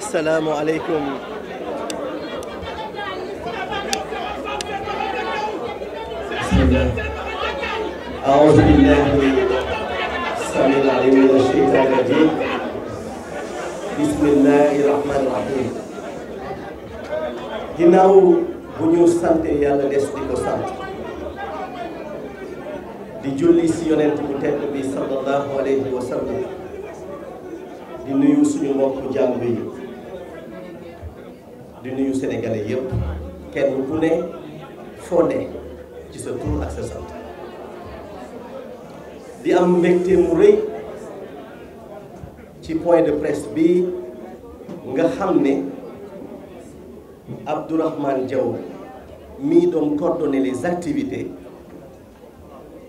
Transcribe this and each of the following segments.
السلام عليكم أعوذ بالله السميع العليم من الرجيم بسم الله الرحمن الرحيم جناو بنيو سانت يا لديس ديكو سانت دي جولي سيونت بوتيت بي صلى الله عليه وسلم دي نيو سنو موكو جانبي di nuyu sénégalais yëpp kenn ku ne foo qui ci ce tur ak sa sant di am mbégte mu reuy ci point de presse bi nga xamné ne Abdourahmane Diaw mi dom coordonner les activités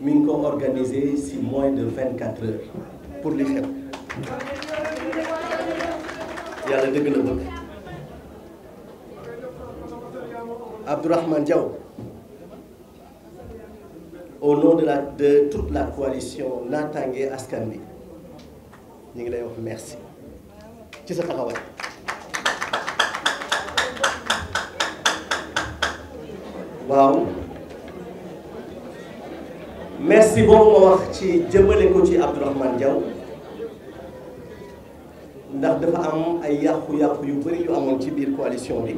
mi ngi ko organiser ci moins de 24 heures pour li xew yàlla dëgg la bëgg Abdourahman Diaw, au nom de, la, de toute la coalition Natangué Askan Wi ñu ngi lay wax merci ci sa taxawaay. waaw merci beaucoup ma wax ci jëmale ko ci Abdourahman Diaw ndax dafa am ay yàqu-yàqu yu bari yu amoon ci biir coalition bi.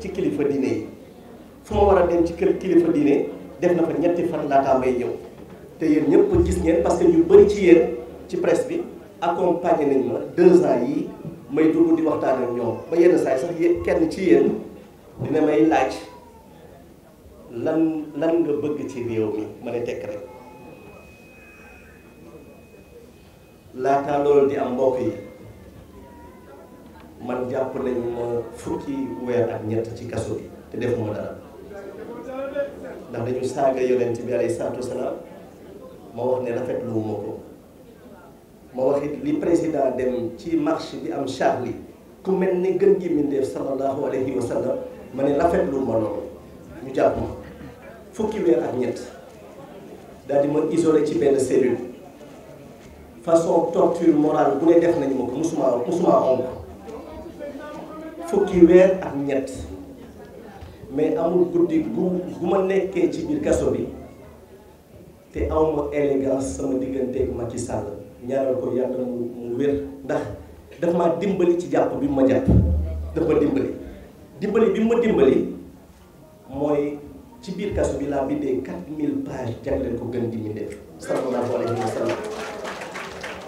ci kilifa diine yi fu ma war a dem ci kër kilifa diine def na fa ñetti fan laataa may ñëw te yéen ñëpp gis ngeen parce que ñu bari ci yéen ci presse bi accompagné nañ ma deux yi may dugg di waxtaan ak ñoom ba yenn saa yi sax kenn ci yéen dina may laaj lan lan nga bëgg ci réew mi ma ne tekk rek laataa loolu di am mbokk yi. man jàpp nañ ma fukki weer ak ñett ci kaso bi te defuma dara ndax dañu saaga yonent bi alayhi salaatu wasalaam ma wax ne rafetlu ma ko ma wax li président dem ci marche bi am Charlie ku mel ni gën gi mindeef sallallahu alayhi wa sallam ma ne rafetlu ma loolu ñu jàpp ma fukki weer ak ñett daal ma isolé ci benn cellule façon torture morale bu ne def nañu ma ko musuma musuma onk fukki weer ak ñett mais amul guddi bu bu ma nekkee ci biir kaso bi te awma élégance sama digganteeg Macky Sall ñaanal ko yàlla mu wér ndax daf ma dimbali ci jàpp bi ma jàpp daf ma dimbali dimbali bi ma dimbali mooy ci biir kaso bi laa bindee 4000 pages jagleel ko gën di mbindéef sallallahu alayhi wa sallam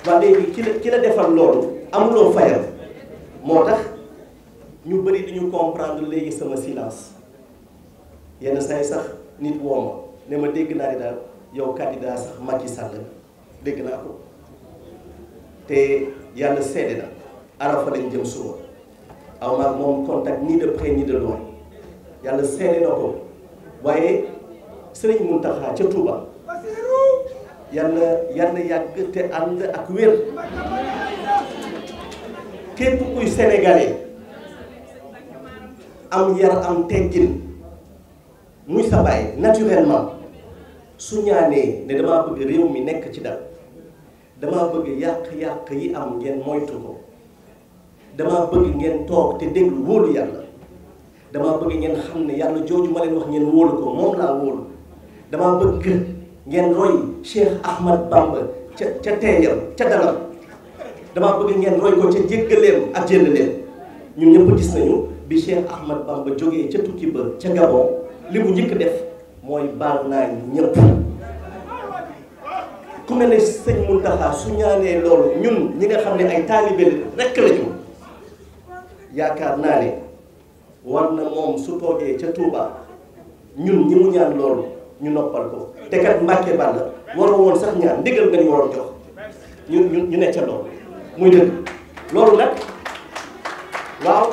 waa léegi ki la ki la defal loolu amuloo fayal moo tax ñu bëri dañu comprendre léegi sama silence yenn say sax nit woo ma ne ma dégg naa ne daal yow candidat sax Macky Sall dégg naa ko te yàlla seede na arafa lañ jëm suba aw ma moom contact ni de près ni de loin yàlla seede na ko waaye Serigne Mountakha ca Touba yàlla yàlla yàgg te ànd ak wér képp kuy sénégalais. am yar am teggin muy sa bàyyi naturellement su ñaanee ne damaa bëgg réew mi nekk ci dal damaa bëgg yàq-yàq yi am ngeen moytu ko damaa bëgg ngeen toog te déglu wóolu yàlla damaa bëgg ngeen xam ne yàlla jooju ma leen wax ngeen wóolu ko moom laa wóolu damaa bëgg ngeen roy Cheikh Ahmad Bamba ca ca teeyam ca dalam damaa bëgg ngeen roy ko ca jéggaleem ak jëllaleem ñun ñëpp gis nañu bi Cheikh Ahmad Bamba jógee ca tukki ba ca Gabon li mu njëkk def mooy baal naa ñëpp ku mel ne sëñ mun Mountakha su ñaanee lool ñun ñi nga xam ne ay taalibe rekk lañu yaakaar naa ne war na moom su toogee ca Touba ñun ñi mu ñaan loolu ñu noppal ko te kat Mbàkke Balla waroo woon sax ñaan ndigal nga ñu waroon jox ñu ñu ñu ne ca loolu muy dëgg loolu nag waaw.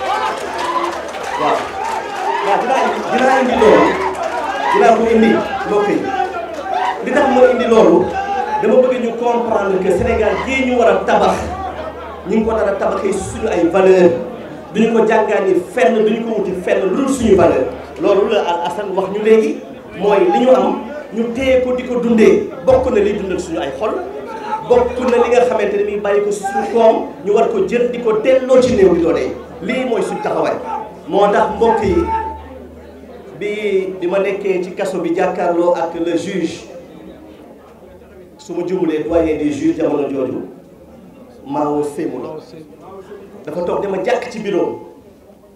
waaw waa dinaa dinaa indi loolu dinaa ko indi mbokk yi li tax ma indi loolu dama bëgg ñu comprendre que Sénégal gii ñu war a tabax ñu ngi ko nar a tabaxee suñu ay valeur duñu ko jàngaani fenn duñu ko wuti fenn lu suñu valeur loolu la al Assane wax ñu léegi mooy li ñu am ñu téye ko di ko dundee bokk na li dundal suñu ay xol bokk na li nga xamante ne mi bàyyi ko suñu koom ñu war ko jël di ko delloo ci néew di doole lii mooy suñu taxawaay motax tax mbokk yi bi bi ma nekkee ci kasso bi jakarlo ak le juge suma ma jumulee doyen des juges jamono jooju Mao Sémoula dafa tok dama jak ci bureau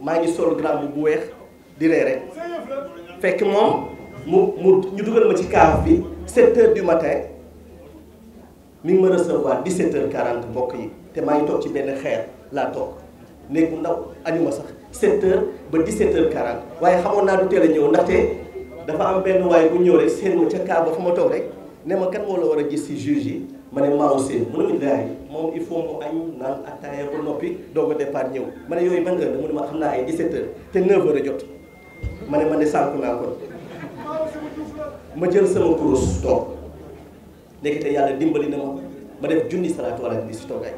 ma ngi sol gram bu weex di réré fekk mom mu ñu duggal ma ci cave bi 7 h du matin mi ngi ma recevoir 17 h 40 mbokk yi te maa ngi tok ci benn xéer la tok néeg ndaw añuma sax 7 ba 17 heures 40 waaye xamoon naa du teel a ñëw ndaxte dafa am benn waaye bu ñëw rek seen ma ca kaa ba fa ma toog rek ne ma kan moo la war a gis si juge yi ma ne maa aussi ma gars moom il faut mu añ naan attaaya ba noppi doog a départ ñëw ma ne yooyu ban heure ma xam naa ay 17 heures a jot ma ne ma ne sànku naa ko ma jël sama kurus toog ndekete yàlla dimbali na ma ma def junni salaatu wala bi si toogaay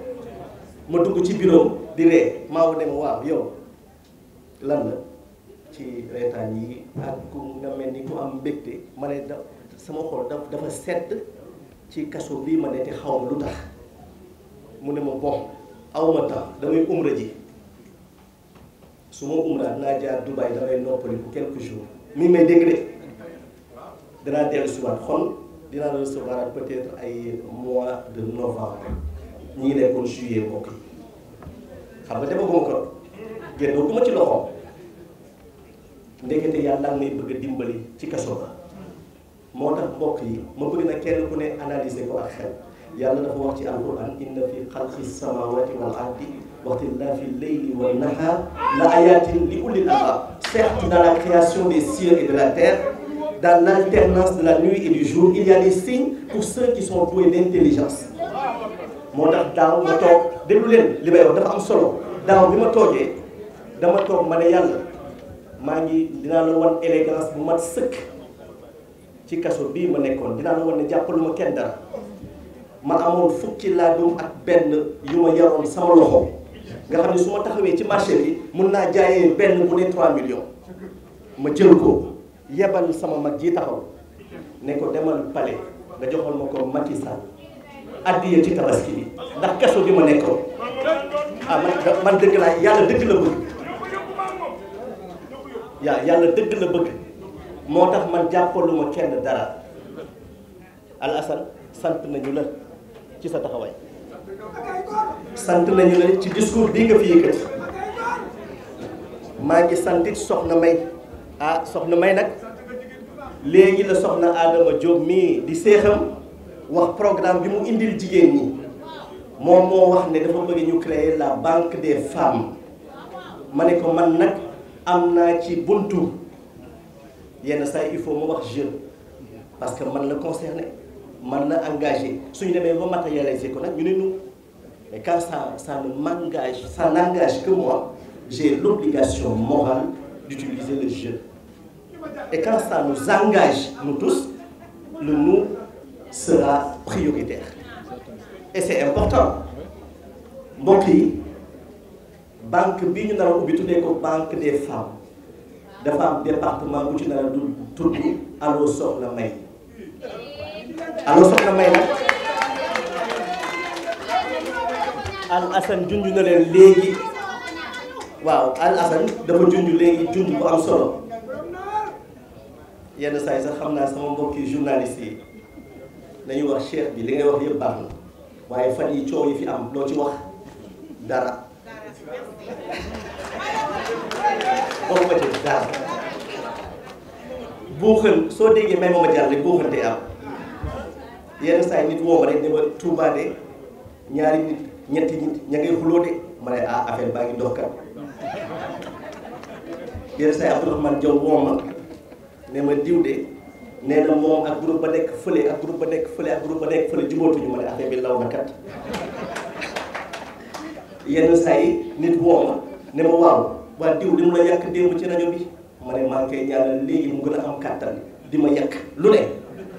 ma dugg ci bureau di ree maa wa dem waaw yow lan la ci reetaan yi ak ku nga mel ni ku am mbégte ma ne da sama xol dafa sedd ci kaso bii ma ne te xaw ma lu tax mu ne ma bon awma ma damay umra ji su ma umra naa jaar Dubaï damay noppali pour quelques jours may dégg de danaa dellu subaat xol dinaa recevoir peut-être ay mois de novembre ñi ngi nekkoon juillet mbokk yi xam nga ko. génnoon ma ci loxoom ndekete yàlla ngay bëgg a dimbali ci kaso ba moo tax mbokk yi ma bëgg na kenn ku ne analyser ko ak xel yàlla dafa wax ci alquran inna fi xalqi samawati wal ardi waxtilafi leyli wa nahar la ayatin li ulil albab certes dans la création des cieux et de la terre dans l'alternance de la nuit et du jour il y a des signes pour ceux qui sont doués d'intelligence moo tax daaw ma toog déglu leen li may wax dafa am solo daaw bi ma toogee dama toog ma ne yàlla maa ngi dinaa la wan élégance bu mat sëkk ci kaso bii ma nekkoon dinaa la wan ne jàppaluma kenn dara man amoon fukki laajum ak benn yu ma yaroon sama loxo nga xam ne su ma taxawee ci marché bi mun naa jaayee benn bu ne 3 millions ma jël ko yebal sama mag jii taxaw ne ko demal palais nga joxoon ma ko Macky Sall addiya ci tabaski bi ndax kaso bi ma nekkoon ah man man dëgg laa yàlla dëgg la bëgg yaa yàlla dëgg la bëgg moo tax man jàppaluma kenn dara alasal sant nañu la ci sa taxawaay sant nañu la ci discours bii nga fi yëkkati maa ngi santit soxna May ah soxna May nag léegi la soxna Adama Diop mii di séexam wax programme bi mu indil jigéen ñi moom moo wax ne dafa bëgg ñu créer la banque des femmes ma ne ko man nag amna ci buntu yenn say il faut ma wax jeune parce que man la concerné man la engagé suñu demee ba matérialiser ko nag ñu ne ñu mais quand ça ça ne m'engage ça n'engage que moi j'ai l'obligation morale d'utiliser le jeu et quand ça nous engage nous tous le nous sera prioritaire et c'est important Mon pays. banque bi ñu nar a ubbi tuddee ko banque des femmes dafa am département bu ci nar a tudd allo soxna may allo soxna may nag al asan junj na leen léegi waaw al asan dafa junj léegi junj bu am solo yenn saa yi sax xam naa sama mbokki journaliste yi nañu wax cheikh bi li ngay wax yëpp baax na waaye fan yi coow yi fi am loo ci wax dara waxuma ci dara buuxal soo déggee may mooma jàll rek buuxal day am yenn saa yi nit woo ma rek ne ma Touba de ñaari nit ñetti nit ña ngay xuloo de ma ne ah affaire baa ngi dox kat yenn saa yi Abdourahmane Diaw woo ma ne ma diw de nee na moom ak groupe ba nekk fële ak groupe ba nekk fële ak ma ne affaire bi law na kat yenn saa yi nit woo ma ne ma waaw waa diw li mu la yàq démb ci rajo bi ma ne maa ngi koy léegi mu gën am kàttan di ma yàq lu ne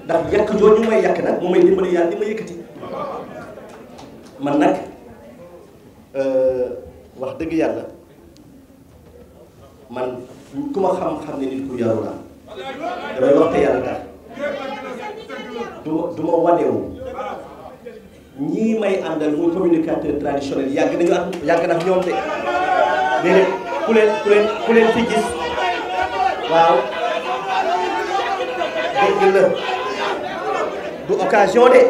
ndax yàq jooju may yàq nag mu may dimbali yàlla di ma yëkkati man nag euh, wax dëgg yàlla man ku xam-xam ne nit ku yaru laa damay wax yàlla tax du ma du ñii may àndal muy communicateur traditionnel yàgg nañu ak yàgg na ñoom de déedéet ku leen ku leen ku leen fi gis la du occasion de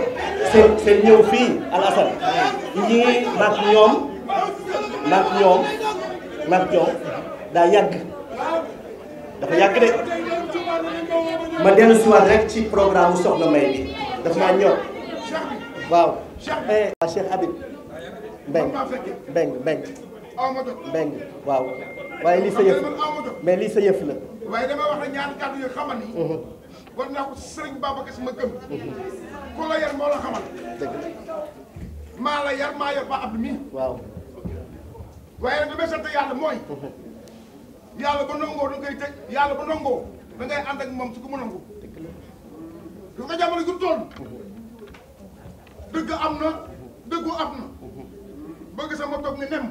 seen ñëw fii Al Hassane ñii mag ñoom mag ñoom mag ñoom daa yàgg dafa yàgg de ma dellu si ci programme Soxna May bi dafa maa ñor Eh, Cheikh Habib Mbeng Mbeng Mbeng Mbeng waaw waaye lii sa yëf mais lii sa yëf la waaye dama wax ne ñaari kàddu yu xamal ni mhm. war naa ko sëriñ Babacar Si ma gëm mhm. ku la yar moo la xamal maa la yar maa yor ba Abdou mi waaw waaye nag damay sant yàlla mooy mhm. yàlla ba nongoo da ngay tëj yàlla ba nongoo da ngay ànd ak moom su ko mu nangu gis nga jamono ju toll am na dëggu am na bëgg sama toog nga nem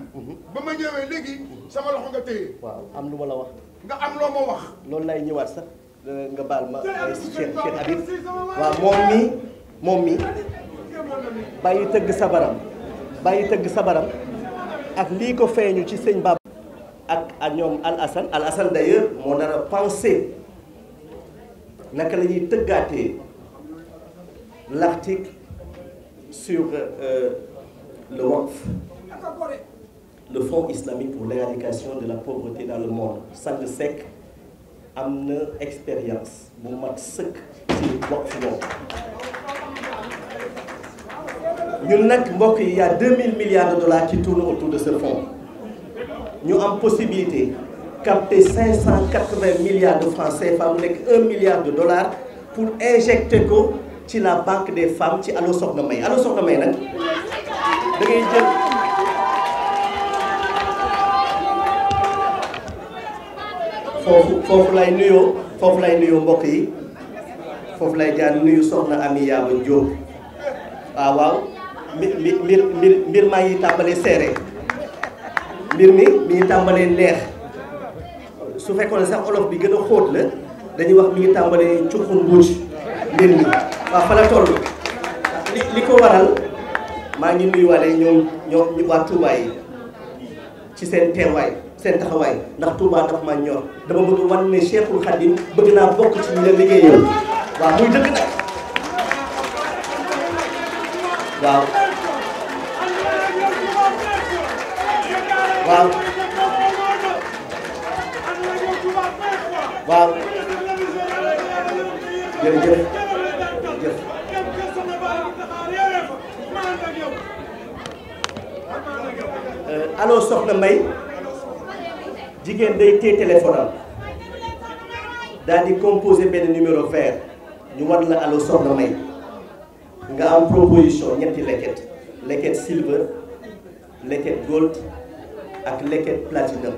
ba ma ñëwee léegi sama loxo nga téye waaw am lu ma la wax nga am loo ma wax loolu lay ñëwaat sax euh, nga baal ma euh, Cheikh Cheikh Habib waaw moom mi moom mii bàyyi tëgg sabaram bàyyi tëgg sabaram ak lii ko feeñu ci sëñ Bab ak ak ñoom Al Assane Al Assane d'ailleurs moo nar a naka la ñuy tëggaatee l'article sur euh, le le Fonds islamique pour l'éradication de la pauvreté dans le monde Sang Sec amène expérience bu y a 2000 milliards de dollars qui tournent autour de ce fonds nous une possibilité capter 580 milliards de francs CFA 1 milliard de dollars pour injecter ci la banque des femmes ci allo Soxna May allo Soxna May nag da jël foofu foofu lay nuyoo foofu lay nuyoo mbokk yi foofu lay jaar nuyu Soxna Ami Yaaba Diop ah, waaw waaw mbir mbir mbir mbir maa ngi tàmbalee seere mbir mi mi ngi tàmbalee neex su fekkoon sax olof bi gën a xóot la dañuy wax mi tàmbalee cuxun mbuuj mbir mi waa fa la li li ko waral maa ngi nuyuwaale ñoom ñoom ñu waa Touba ci seen teewaay seen taxawaay ndax Touba daf ma ñor dama bëgg wan ne Cheikhul Khadim bëgg naa bokk ci ñu la liggéeyal allo soxna May que day té téléphone dal composé numéro vert ñu la allo soxna May nga am proposition ñetti silver leket gold ak leket platinum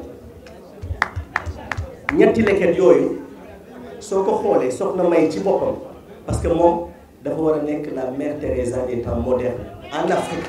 ñetti leket yoyu soko xolé May ci parce que mom dafa wara la mère Teresa est temps modernes en Afrique.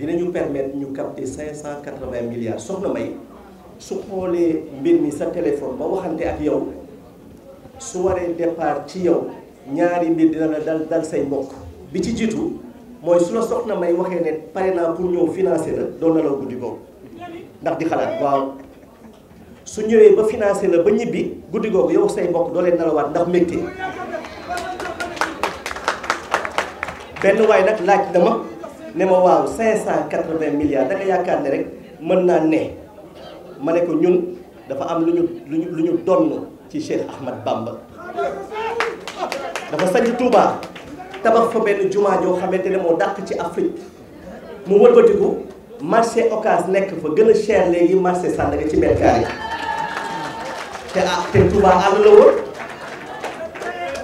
dinañu permettre ñu cent capter 580 milliards soxna May su xoolee mbir mi sa téléphone ba waxante ak yow su waree départ ci yow ñaari mbir dina la dal dal say mbokk bi ci jiitu mooy su la soxna May waxee ne pare naa pour ñëw financer la doo nelaw guddi googu ndax di xalaat waaw su ñëwee ba financé la ba ñibbi guddi googu yow say mbokk doo leen nelawaat ndax mbégte benn waay nag laaj na ne ma waaw cinq cent quatre-vingts milliards da yaakaar ne rek mën naa ne ma ne ko ñun dafa am lu ñu lu ñu lu ñu donn ci Cheikh Ahmad Bamba dafa sañ Touba tabax fa benn jumaa joo xamante ne moo dàq ci Afrique mu wëlbatiku marché Ocass nekk fa gën a cher léegi marché Sandaga ci mètre yi te ah te Touba àll la woon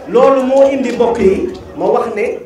loolu moo indi mbokk yi ma wax ne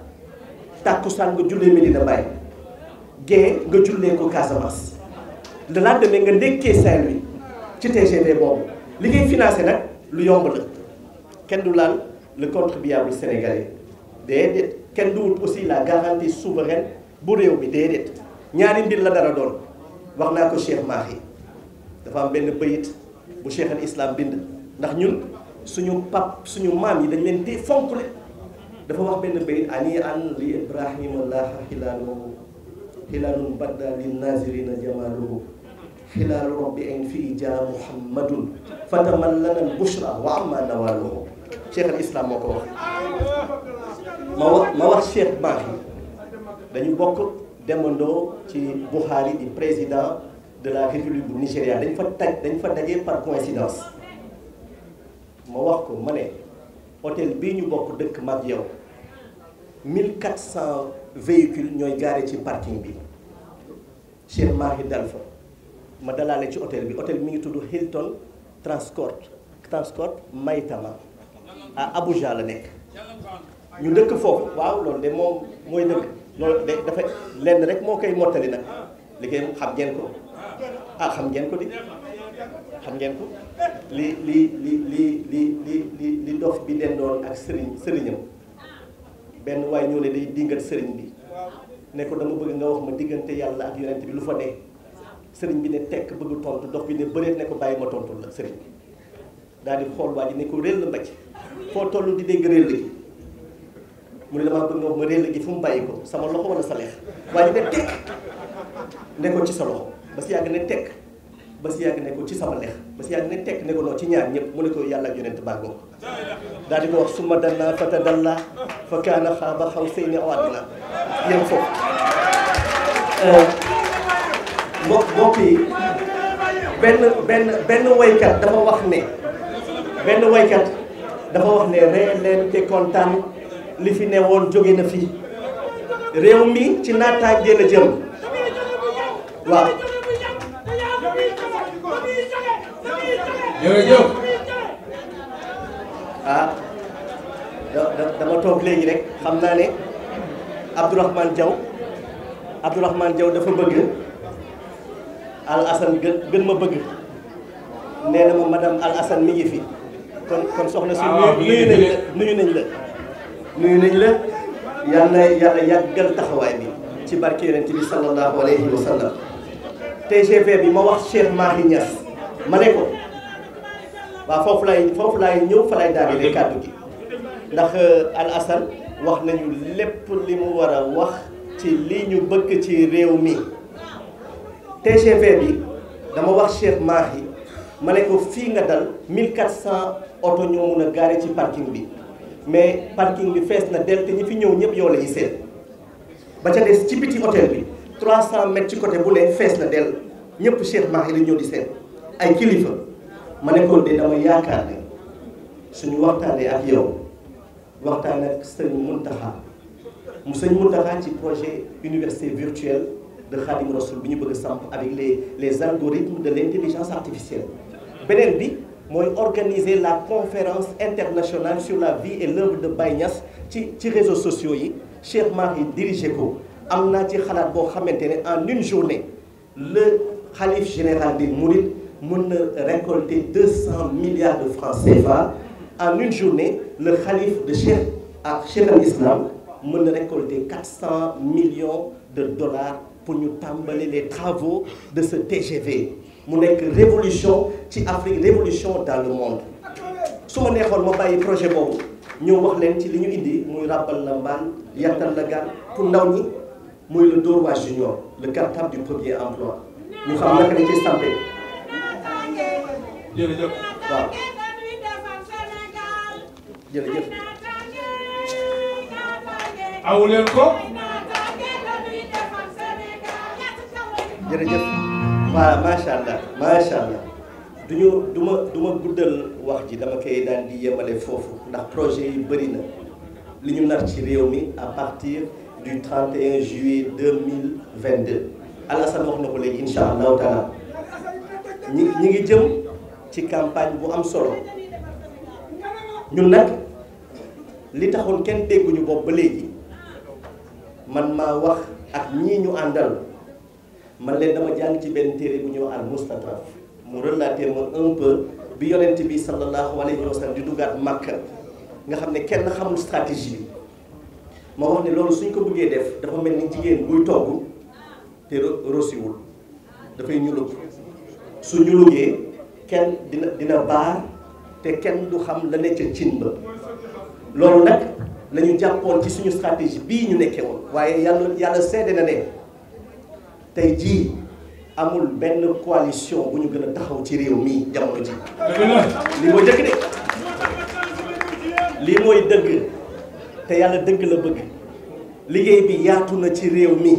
tàkkusaan nga jullee Medina Baye gée nga jullee ko Casamance le lendemain nga ndékkee Saint-Louis ci TGV boobu li ngay financé nag lu yomb la kenn du laal le contribuable sénégalais déedéet kenn du aussi la garantie souveraine bu réew mi déedéet ñaari mbir la dara doon waxna ko Cheikh Mahi dafa am ben beuyit bu Cheikh al Islam bind ndax ñun suñu pap suñu mam yi dañ leen tey fonk Rawah bin Nabi Ali an li Ibrahim Allah hilaluhu Hilalun badda lin nazirina jamaluhu Hilal Rabbi in fi ja Muhammadun Fatamallana bushra wa amma nawaluhu Syekh al-Islam moko wax Ma wax Syekh Mahi Dañu bok demando ci Bukhari di président de la République du Nigeria dañ fa tag dañ fa dajé par coïncidence Ma wax ko mané hôtel bi ñu bok dëkk mak yow 1400 véhicules ont garé le parking bi Cheikh Mahi est ma ci hôtel bi hôtel Hilton Transcorp Transcorp maïtama à Abuja la nekk ñu dëkk waaw loolu de moom mooy dëkk loolu de dafa lenn rek moo koy ah ko benn waaye ñëw ne day dingat sëriñ bi ne ko dama bëgg nga wax ma diggante yàlla ak yonent bi lu fa dee sëriñ bi ne tekk bëgg tontu dox bi ne bëreet ne ko bàyyi ma tontu la sëriñ bi daal di xool waa ji ne ko réel la mbacc foo tollu di dégg réel gi mu ne damaa bëgg nga wax ma réel gi fu mu bàyyi ko sama loxo wala sa leex waa ji ne tekk ne ko ci sa loxo ba si yàgg ne tekk ba si yàgg ne ko ci sama lex ba si yàgg ne tekk ne ko noonu ci ñaar ñëpp mu ne ko yàlla yonent baa ngoog daal di ko wax suma dalla fata dalla fa kaana xaaba xaw seyni aw adna yem foofu euh, mbokk mbokk yi benn benn benn waykat dafa wax ne benn waykat dafa wax ne ree leen te kontaan li fi ne woon jóge na fii réew mi ci naataange la jëm waaw Ah, dama toog léegi rek xam naa ne Abdourahmane jaw Abdourahmane jaw dafa bëgg Al Assane gën gën ma bëgg nee na ma madame Al mi ngi fi kon kon soxna si. Ah, nuyu nañ la nañ la nuyu nañ la. yàlla na yàlla yàggal taxawaay bi ci barke yonent bi sallallahu alayhi wa sallam TGV bi ma wax Cheikh Mahi Niass ma ne ko. waaw foofu lay foofu lay ñëw fa lay daanelee kàddu gi ndax euh, Al Assane wax nañu lépp li mu war a wax ci li ñu bëgg ci réew mi TGV bi dama wax Cheikh Mahi ma ne ko fii nga dal 1400 oto ñoo mun a gaare ci parking bi mais parking bi fees na dell te ñi fi ñëw ñëpp yow la ñu ba ca des ci biti hôtel bi 300 mètres ci côté bu ne fees na del ñëpp Cheikh Mahi la ñëw di seen ay kilifa. mané kon de dama suñu ak yow ak sëñ mu projet université virtuelle de Khadim Rasoul avec les les algorithmes de l'intelligence artificielle benen bi organiser la conférence internationale sur la vie et l'œuvre de Baye ci ci réseaux sociaux yi en une journée le Khalif général de nous avons récolter 200 milliards de francs CFA en une journée le calife de chef à Cheikh ah, Islam mon récolter 400 millions de dollars pour nous tàmbali les travaux de ce TGV Mon une révolution l'Afrique, Afrique révolution dans le monde Si ma neexoon ma bàyyi projet boobu Nous wax leen ci li ñu indi muy Le la pour ndaw ñi le Dóor junior le cartable du premier emploi Nous xam naka dañ de stampé jërëjëf waaw jërëjëf awu leen ko jërëjëf waaw macha allah macha allah du ñu guddal wax ji dama kay dal di yemalé fofu ndax projet yi bëri na li ñu nar ci réew mi à partir du 31 juillet 2022 Alassane wax na ko léegi incha taala ñi ngi jëm ci campagne bu am solo ñun nag li taxoon kenn dégguñu bopp ba léegi man maa wax ak ñii ñu àndal man leen dama jàng ci benn téere bu ñuy wax al mustatraf mu relaté ma un peu bi yonent bi sallallahu alayhi wa sallam di dugaat Makka nga xam ne kenn xamul stratégie moo ma ne loolu suñ ko buggee def dafa mel ni jigéen buy togg te rosiwul dafay ñulug su ñulugee kenn dina dina baar te kenn du xam la ne ca cin ba loolu nag la jàppoon ci suñu stratégie bii ñu nekkee woon waaye yàlla yàlla seede na ne tey jii amul benn coalition bu ñu gën a taxaw ci réew mi jamono ji lii mooy dëgg de lii te yàlla dëgg la bëgg liggéey bi yaatu na ci réew mi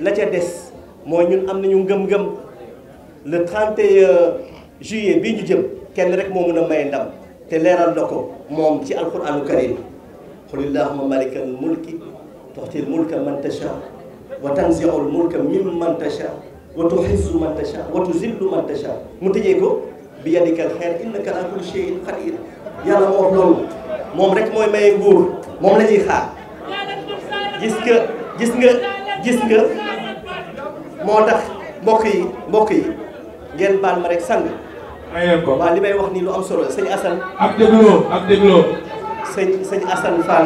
la ca des mooy ñun am nañu ngëm-ngëm le 31 juillet bii ñu jëm kenn rek moo mën a maye ndam te leeral na moom ci alquranu karim qul illahuma malikal mulki tuxtil mulka man tasha wa tanziul mulka mimman tasha wa tuxizzu man tasha wa tuzillu man tasha mu tëjee ko bi yadikal xeer innaka ala kulli shay'in qadir yàlla moo wax loolu moom rek mooy maye nguur moom la ñuy xaar gis nga gis nga gis nga moo tax mbokk yi mbokk yi ngeen baal ma rek sang ayal ko waaw li may wax nii lu am solo la sëñ Assane. ak dégloo ak dégloo. sëñ waaw.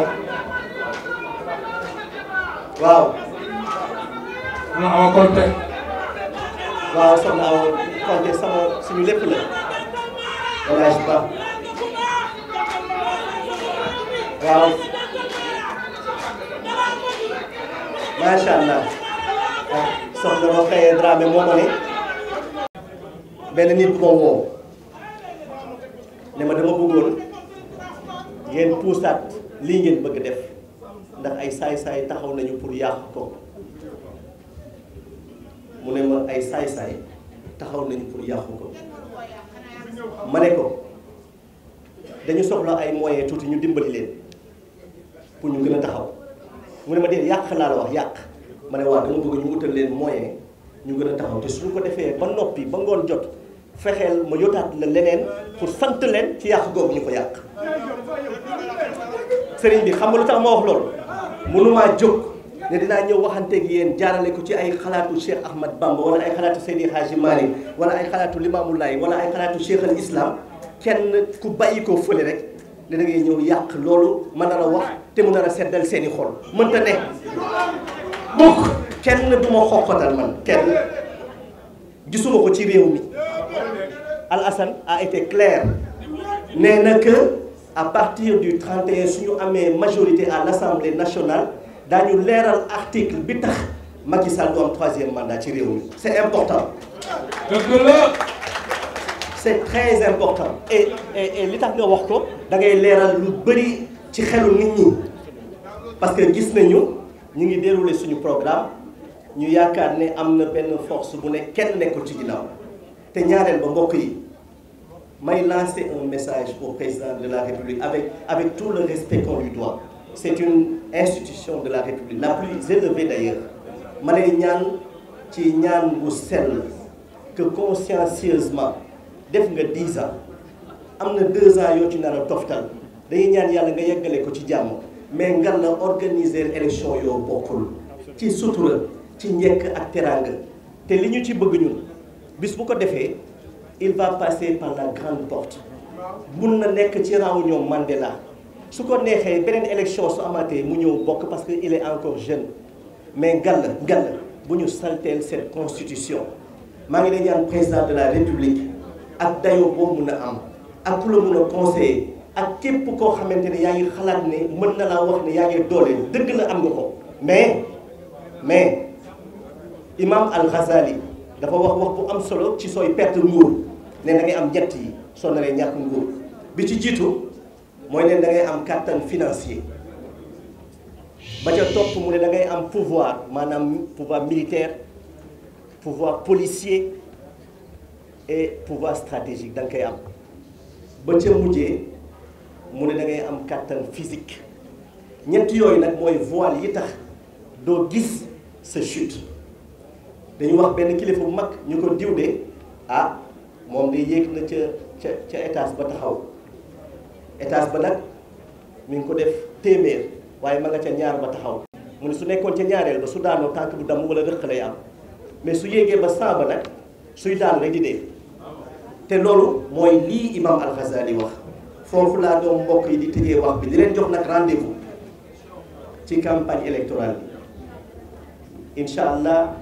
soxna Awa Konte. waaw soxna Awa Konte sama suñu lépp la. walaay ba waaw. macha allah. moo ko benn nit ko woo ne ma dama bëggoon ngeen puusaat lii ngeen bëgg def ndax ay saay-saay taxaw nañu pour yàq ko mu ne ma ay saay-saay taxaw nañu pour yàq ko ma ne ko dañu soxla ay moyens tuuti ñu dimbali leen pour ñu gën a taxaw mu ne ma dee yàq laa la wax yàq ma ne waaw dama bëgg ñu wutal leen moyen ñu gën a taxaw te su ko defee ba noppi ba ngoon jot fexeel ma yotaat la leneen pour sant leen ci yàq googu ñu ko yàq sëriñ bi xam nga lu tax ma wax loolu mënumaa jóg ne dinaa ñëw waxanteeg yéen jaarale ko ci ay xalaatu Cheikh Ahmad Bamba wala ay xalaatu Seydi Hadji Malick wala ay xalaatu Limaamu Laay wala ay xalaatu Cheikh al Islam kenn ku bàyyi ko fële rek ne da ngay ñëw yàq loolu mën na la wax te mu nar a seddal seen i xol mënta ne bokk kenn du ma xoqatal man kenn gisuma ko ci réew mi Al-Hassan a été clair Mais que à partir du 31 nous avons une majorité à l'Assemblée nationale daañu leeral article bi Macky Sall du am troisième mandat ci c'est important. c'est très important. et et li tax nga wax ko da ngay leeral lu ci nit ñi parce que gis nañu ñu ngi dérouler suñu programme ñu yaakaar ne am ben force bu est kenn nekkul ci te el ba mbokk un message au président de la République avec avec tout le respect qu'on lui doit c'est une institution de la République la plus élevée d'ailleurs Je vous ñaan ci ñaan bu que consciencieusement depuis nga dix ans am 2 deux ans yo ci a toftal Vous ñaan yàlla nga yeggale ko ci mais vous la organiser élection Vous bokkul ci sutura ci njëkk ak teraanga te li bis bu ko defee il va passer par la grande porte mun na nekk ci raw Mandela su ko neexee beneen élection su amaatee mu ñëw bokk parce que il est encore jeune mais gal, gal, bu ñu salteel cette constitution maa ngi lay ñaan président de la république ak dayoo boo mun a am ak ku la mun a conseiller ak képp koo xamante ne yaa ngi xalaat ne mën na laa wax ne yaa ngi doole dëgg la am nga ko mais mais imam al-Ghazali dafa wax wax bu am solo ci sooy perte nguur ne da ngay am ñett yi soo naree ñàkk nguur bi ci jiitu mooy ne da ngay am kàttan financier ba ca topp mu ne da ngay am pouvoir maanaam pouvoir militaire pouvoir policier et pouvoir stratégique da nga koy am ba ca mujjee mu ne da ngay am kàttan physique ñett yooyu nag mooy voile yi tax doo gis sa chute dañu wax benn kilifa bu mag ñu ko diw de ah moom de yéeg na ca ca ca ba taxaw étage ba nag mu ngi ko def téeméer waaye ma nga ca ñaar ba taxaw mu ne su nekkoon ca ñaareel ba su daanoo tànk bu damm wala rëq lay am mais su yéegee ba saa ba nag suy daan rek di dee te loolu mooy lii imam al wax foofu laa doon mbokk yi di tëjee wax bi di leen jox nag rendez-vous ci campagne électorale bi incha allah.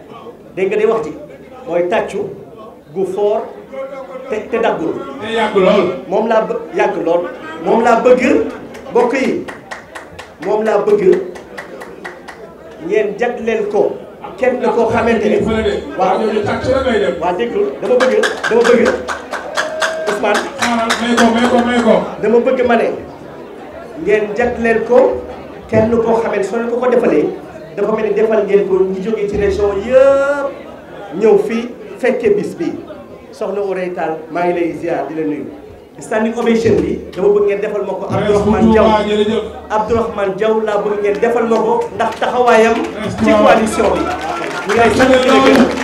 dégg nga de wax ji mooy tàccu gu foor te daggul. moom laa bë yàgg lool moom laa bëgg mbokk yi moom laa bëgg ngeen jagleel ko. kenn koo xamante ne waaw waaw déglu dama bëgg dama bëgg Ousmane. may ko may ko ko. dama bëgg ma ne ngeen jagleel ko kenn koo xamante soo ko ko defalee. dafa mel ni defal ngeen ko ñi jóge ci région yëpp ya. ñëw fii fekke bis bi soxna o reytaal maa ngi lay ziar di la nuyu standing ovation bi dama bëgg ngeen defal ma ko abdourahman diaw abdourahman diaw laa bëgg ngeen defal ma ko ndax taxawaayam ci coalition bi ñu ngi lay sant di la gërëm